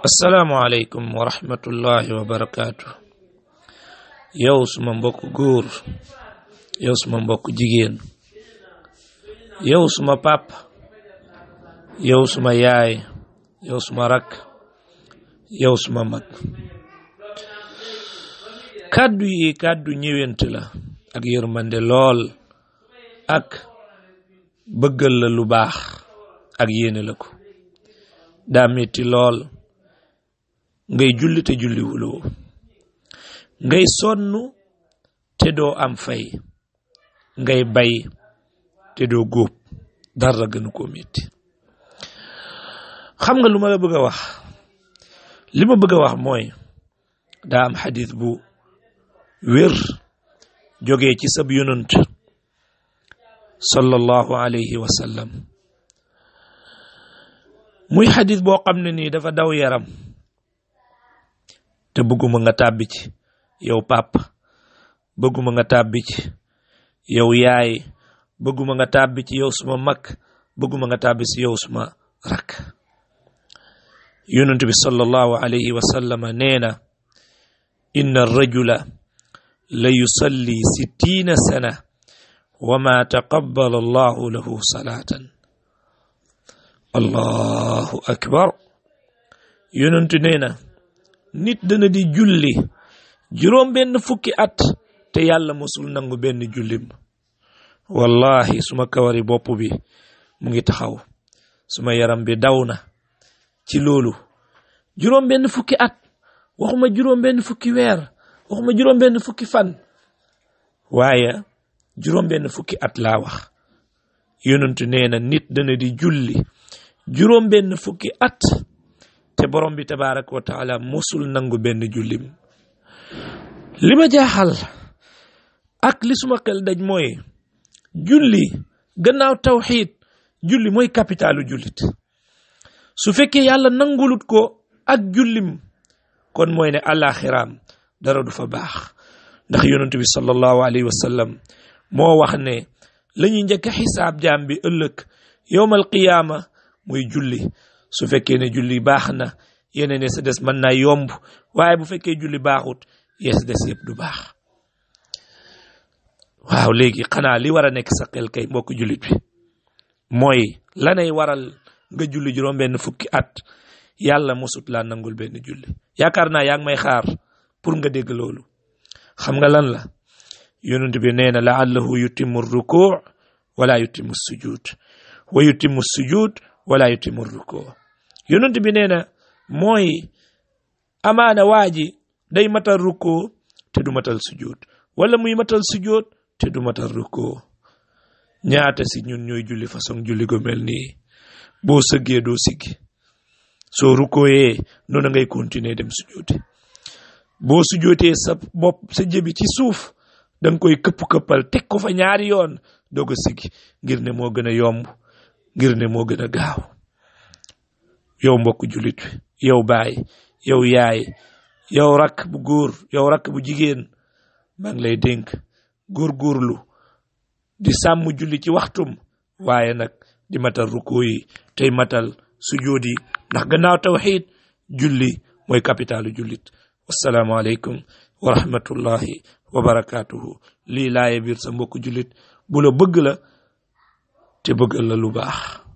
asalaamualeykum wa rahmatullahi wa barakaatu yow suma mbokk góor yow suma mbokk jigéen yow suma pap yow suma yaay yow suma rakk yow suma mag kàddu yi kàddu ñëwent la ak mande lool ak bëggal la lu baax ak yéene la lool ngay julli te julli wuloo ngay sonnu te doo am fay ngay bay te doo góob dara gënu koo metti xam nga lu la bëgg a wax li ma bëgg a wax mooy daa am bu wér jógee ci sab yonant sallallahu alayhi wa muy xadis boo xam ne nii dafa daw yaram te bëgguma nga tàbbi ci yow pàpp bëgguma nga tàbbi ci yow yaay bëgguma nga tàbbi ci yow suma mag bëgguma nga tàbbi ci yow suma rakk yonent bi sallallahu na inna rajula la yusalli sittiina sana allahu allahu akbar yonent nee na nit dana di julli juróom benn fukki at te yàlla mosul nangu benn jullim wallahi suma kawari bopp bi mu ngi taxaw suma yaram bi daw na ci loolu juróom benn fukki at waxuma juróom benn fukki fan waaye juróom benn fukki at laa wax yonentu nee na nit dana di julli juróom benn fukki at borom bi tabaaraka wa taala mosul nangu benn jullim li ma jaaxal ak li suma xel daj mooy julli gannaaw tawxiid julli mooy capitalu jullit su fekkee yàlla nangulut ko ak jullim kon mooy ne àllaaxiraam dara du fa baax ndax yonent bi sallallahu alayhi wa sallam moo wax ne la ñuy xisaab jaam bi ëllëg yowmal qiyaama muy julli su fekkee ne julli baax na yeneen ya sa des mën naa yomb waaye bu fekkee julli baaxut ya sa des yëpp du baax waaw léegi xanaa li war a nekk sa xel kay mbokk jullit bi mooy lanay waral nga julli juróom benn fukki at yàlla mosut laa nangul benn julli yakaar naa yaa ngi may xaar pour nga dégg loolu xam nga lan la yonent bi nee na laallahu yutimu ruku wala yutimu sujud wa sujud wala yutimu ruku yonent bi nee na mooy amaana waa ji day matal rukkoo te du matal sujjoot wala muy matal sujjoot te du matal rukkoo ñaata si ñun ñooy julli façon julli go mel nii boo sëggee doo siggi soo rukkooyee noonu ngay continuer dem sujjoote boo sujjootee sa bopp sa jëbi ci suuf da koy këpp-këppal teg ko fa ñaari yoon doog a siggi ngir ne moo gën a yomb ngir ne moo gën a gaaw yow mbokk jullit bi yow baay yow yaay yow rakk bu góor yow rakk bu jigéen maa ngi lay dénk góorgóorlu di sàmm julli ci waxtum waaye nag di matal rukkoo tey matal sujood yi ndax gannaaw tawxiid julli mooy capitalu jullit wassalaamu aleykum wa rahmatullahi wa barakaatuhu lii laaye biir sa mbokk jullit bu la bëgg la te bëggal lu baax